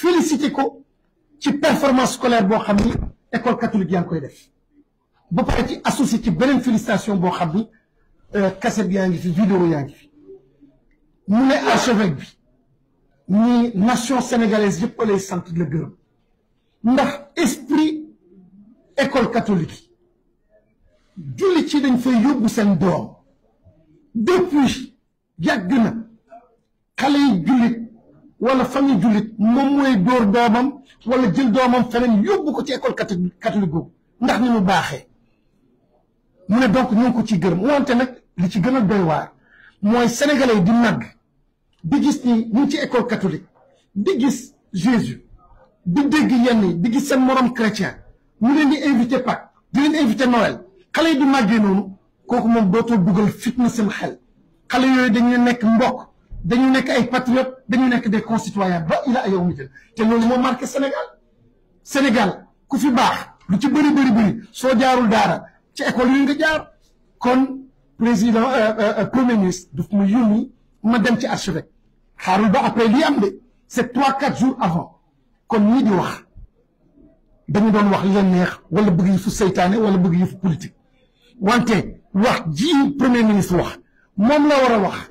félicité ko ci performance scolaire bo xamni école catholique yang koy def ba pare ci associé ci benen félicitation bo xamni ni euh, cassette yaa ngi vidéo yaa fi mu ne archevêque bi ni nation sénégalaise yëpp lay sant le la gërëm ndax esprit école catholique julli ci dañ fay yóbbu sen doom depuis yàgg xalé xale yi jullit wala famille jullit moom mooy dóor doomam wala jël doomam feneen yóbbu ko ci école catholique catholique boobu ndax ni mu baaxee mu ne donc ñu ngi ko ciy gërëm wante nag li ci gën a doy waar mooy sénégalais yi di màgg di gis ni ñu ngi ci école catholique di gis Jésus di dégg yenn di gis seen morom chrétien mu ne di invité Pâques di leen invité Noël xale yi di màggee noonu kooku moom dootoo dugal fitna seen xel xale yooyu dañu nekk mbokk dañu nekk ay patriotes dañu nekk des concitoyens ba ila yow mi te loolu moo marqué Sénégal Sénégal ku fi baax lu ci bëri bëri bëri soo jaarul daara ci école yi nga jaar kon président euh, euh, euh, premier ministre daf ma yónni ma dem ci archevêque xaarul ba après lii am de c'est trois quatre jours avant kon ñii di wax dañu doon wax li leen neex wala bëgg yëfu seytaane wala bëgg yëfu politique wante wax ji premier ministre wax moom la war a wax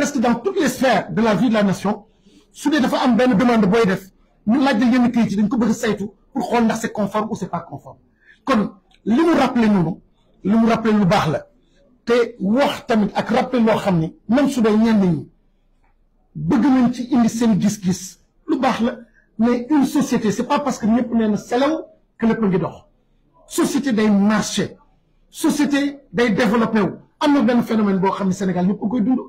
parce dans toutes les sphères de la vie de la nation su dee dafa am de demande booy def ñu laaj la yenn kayit yi dañ ko bëgg saytu pour qu'on ndax c'est conforme ou c'est pas conforme Comme, li rappelé nous, li rappelé lu baax la te wax tamit ak rappelé loo xam même su dee ñenn ni bëgg nañ ci indi seen gis-gis lu baax la mais une société c'est pas parce que ñëpp nee na selew que le ngi dox société day marché société day développé wu am phénomène boo xam sénégalais, Sénégal ñëpp a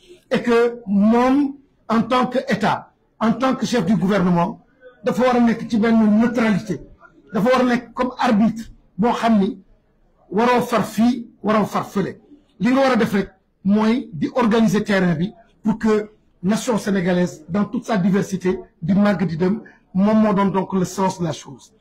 et que nous, en tant qu'État, en tant que chef du gouvernement de war mettre neutralité de war mettre comme arbitre bon xam ou faire far fi faire far faire li nga de a def rek mooy di pour que nation sénégalaise dans toute sa diversité du magnitude, moi, moi donne donc le sens de la chose